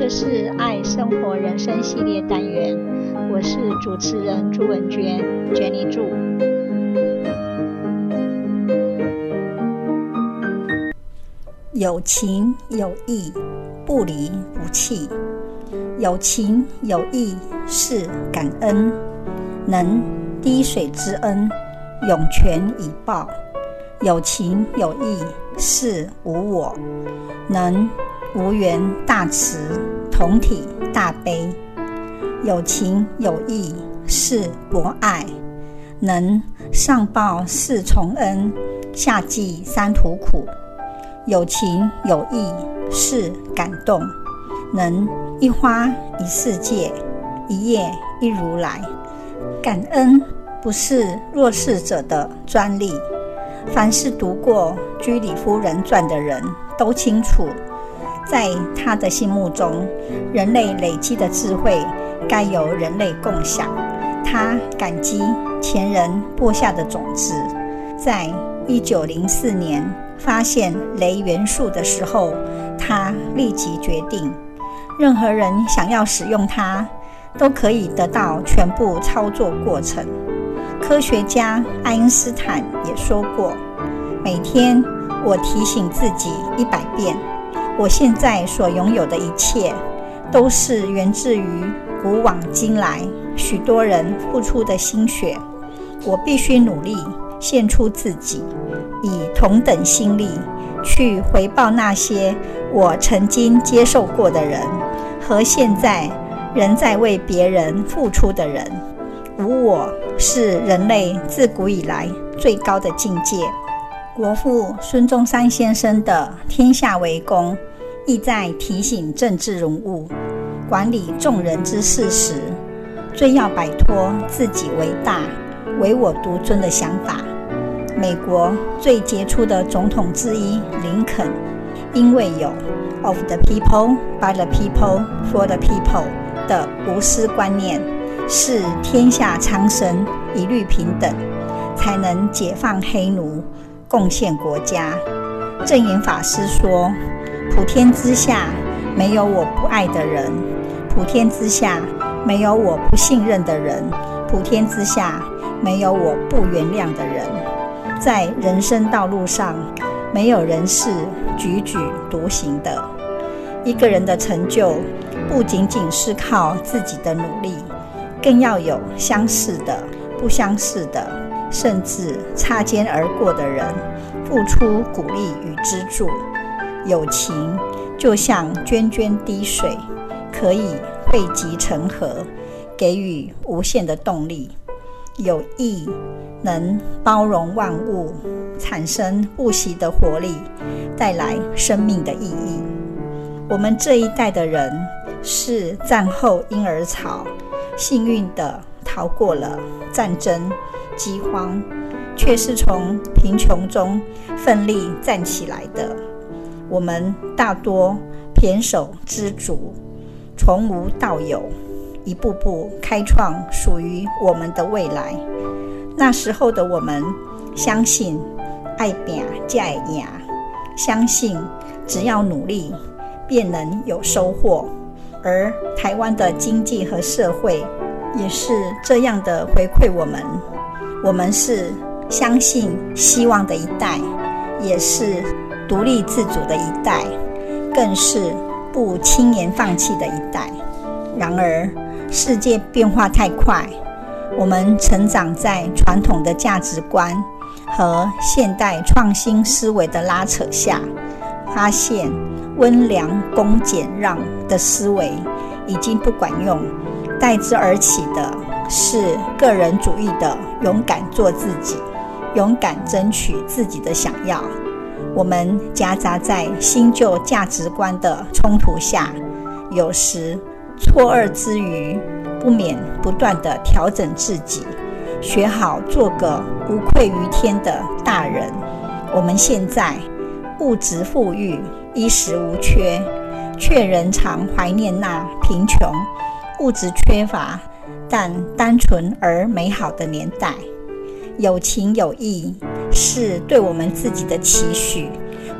這是愛生活人生系列單元，我是主持人朱文娟，娟妮住。有情有義，不離不棄；有情有義是感恩，能滴水之恩，湧泉以報；有情有義是無我，能無緣大慈。同體大悲，有情有義是博愛，能上報四重恩，下濟三途苦。有情有義是感動，能一花一世界，一葉一如來。感恩不是弱勢者的專利，凡是讀過《居里夫人傳》的人都清楚。在她的心目中，人類累積的智慧該由人類共享。她感激前人播下的種子。在一九零四年發現鐳元素的時候，她立即決定，任何人想要使用它，都可以得到全部操作過程。科學家愛因斯坦也說過：“每天我提醒自己一百遍。”我現在所擁有的一切，都是源自於古往今來，許多人付出的心血。我必須努力獻出自己，以同等心力去回報那些我曾經接受過的人和現在仍在為別人付出的人。無我是人類自古以來最高的境界。國父孫中山先生的“天下為公”。意在提醒政治人物，管理眾人之事時，最要擺脫自己為大、唯我獨尊的想法。美國最傑出的總統之一林肯，因為有 “Of the People, By the People, For the People” 的無私觀念，視天下蒼生一律平等，才能解放黑奴，貢獻國家。證嚴法師說。普天之下，沒有我不愛的人，普天之下沒有我不信任的人，普天之下沒有我不原諒的人。在人生道路上，沒有人是踽踽獨行的。一個人的成就，不僅僅是靠自己的努力，更要有相識的、不相識的，甚至擦肩而過的人，付出鼓勵與資助。有情就像涓涓滴水，可以匯集成河，給予無限的動力；有義能包容萬物，產生不息的活力，帶來生命的意義。我們這一代的人是戰後嬰兒潮，幸運地逃過了戰爭、饑荒，卻是從貧窮中奮力站起來的。我們大多胼手胝足，從無到有，一步步開創屬於我們的未來。那時候的我們，相信愛拼才會贏，相信只要努力便能有收穫。而台灣的經濟和社會也是這樣的回饋我們。我們是相信希望的一代，也是。獨立自主的一代，更是不輕言放棄的一代。然而，世界變化太快，我們成長在傳統的價值觀和現代創新思維的拉扯下，發現溫良恭儉讓的思維已經不管用，代之而起的是個人主義的勇敢做自己，勇敢爭取自己的想要。我們夾雜在新舊價值觀的衝突下，有時錯愕之餘，不免不斷地調整自己，學好做個無愧於天的大人。我們現在物質富裕，衣食無缺，卻仍常懷念那貧窮、物質缺乏但單純而美好的年代。有情有義。是對我們自己的期許，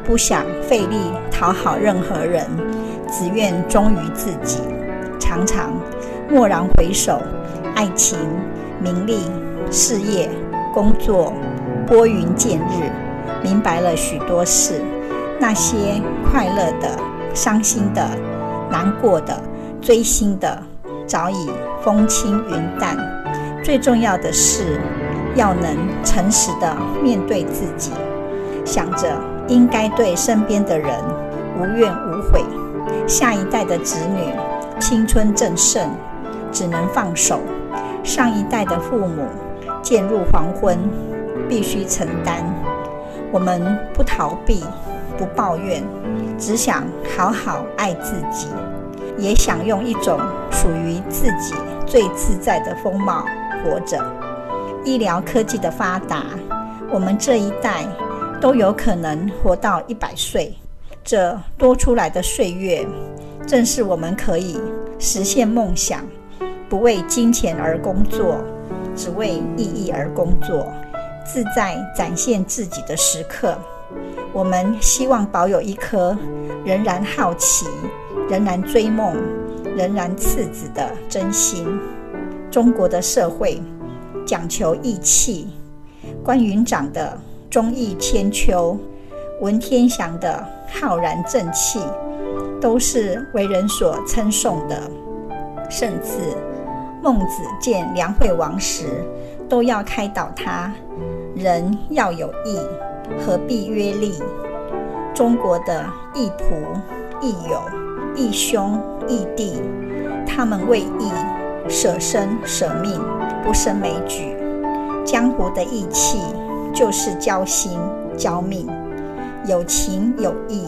不想費力討好任何人，只願忠於自己。常常驀然回首，愛情、名利、事業、工作，撥雲見日，明白了許多事。那些快樂的、傷心的、難過的、椎心的，早已風輕雲淡。最重要的是，要能誠實的面對自己，想着應該對身邊的人無怨無悔。下一代的子女青春正盛，只能放手；上一代的父母漸入黃昏，必須承擔。我們不逃避，不抱怨，只想好好愛自己，也想用一種屬於自己最自在的風貌活着。醫療科技的發達，我們這一代都有可能活到一百歲。這多出來的歲月，正是我們可以實現夢想、不為金錢而工作、只為意義而工作、自在展現自己的時刻。我們希望保有一顆仍然好奇、仍然追夢、仍然赤子的真心。中國的社會，講求義氣，關雲長的忠義千秋，文天祥的浩然正氣，都是為人所稱頌的。甚至孟子見梁惠王時，都要開導他：人要有義，何必曰利？中國的義僕、義友、義兄、義弟，他們為義捨生捨命。不勝枚舉，江湖的義氣就是交心、交命，有情有義，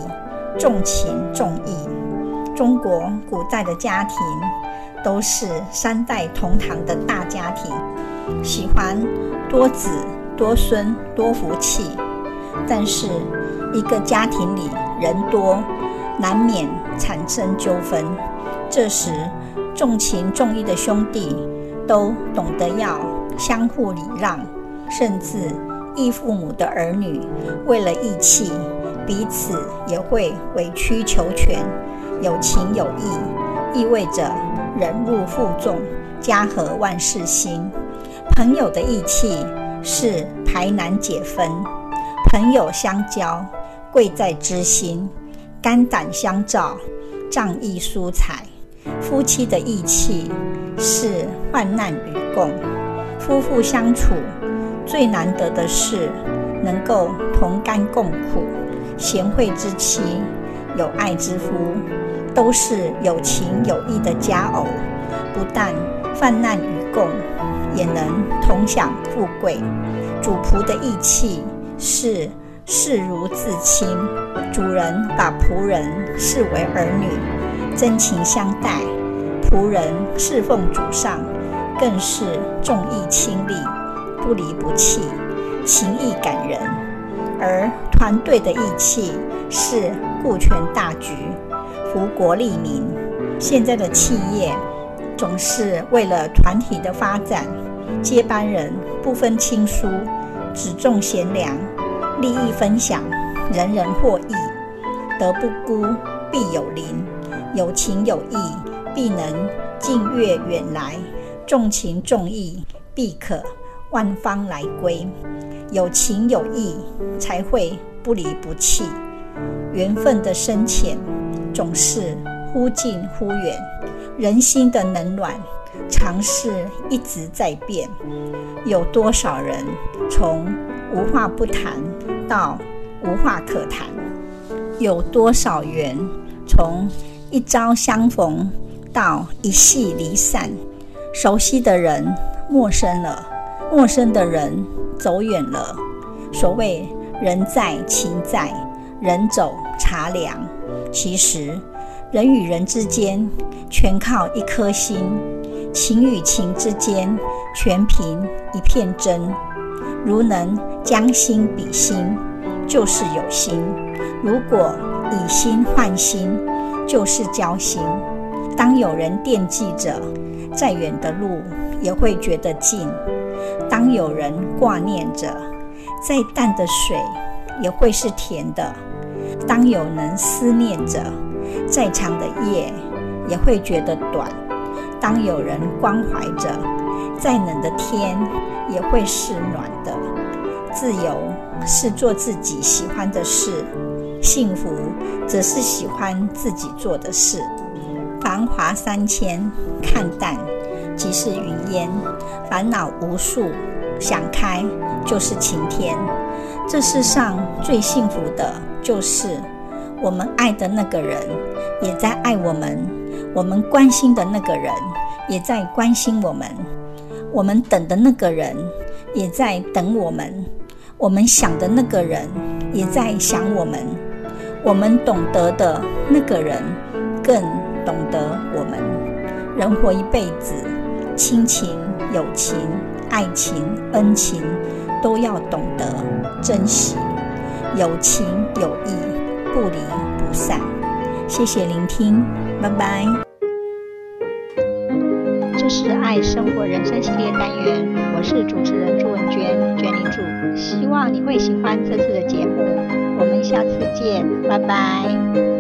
重情重義。中國古代的家庭都是三代同堂的大家庭，喜歡多子多孫多福氣，但是一個家庭裡人多，難免產生糾紛。這時重情重義的兄弟。都懂得要相互禮讓，甚至異父母的兒女為了義氣，彼此也會委曲求全。有情有義，意味着忍辱負重，家和萬事興。朋友的義氣是排難解紛，朋友相交貴在知心，肝膽相照，仗義疏財。夫妻的義氣是。患難與共，夫婦相處最難得的是能夠同甘共苦。賢惠之妻，有愛之夫，都是有情有義的佳偶。不但患難與共，也能同享富貴。主僕的義氣是視如至親，主人把僕人視為兒女，真情相待。僕人侍奉主上。更是重義輕利，不離不棄，情義感人。而團隊的義氣是顧全大局，福國利民。現在的企業總是為了團體的發展，接班人不分親疏，只重賢良，利益分享，人人獲益。德不孤，必有鄰。有情有義，必能近悅遠來。重情重義，必可萬方來歸；有情有義，才會不離不棄。緣分的深淺，總是忽近忽遠；人心的冷暖，常是一直在變。有多少人從無話不談到無話可談？有多少緣從一朝相逢到一夕離散？熟悉的人陌生了，陌生的人走遠了。所謂“人在情在，人走茶涼”，其實人與人之間全靠一顆心，情與情之間全憑一片真。如能將心比心，就是有心；如果以心換心，就是交心。當有人惦記着。再遠的路也會覺得近，當有人掛念着；再淡的水也會是甜的，當有人思念着；再長的夜也會覺得短，當有人關懷着；再冷的天也會是暖的。自由是做自己喜歡的事，幸福則是喜歡自己做的事。繁華三千，看淡即是雲煙；煩惱無數，想開就是晴天。這世上最幸福的，就是我們愛的那個人也在愛我們，我們關心的那個人也在關心我們，我們等的那個人也在等我們，我們想的那個人也在想我們，我們懂得的那個人更。人活一輩子，親情、友情、愛情、恩情都要懂得珍惜，有情有義，不離不散。謝謝聆聽，拜拜。這是愛生活人生系列單元，我是主持人朱文娟，娟領主。希望你會喜歡這次的節目，我們下次見，拜拜。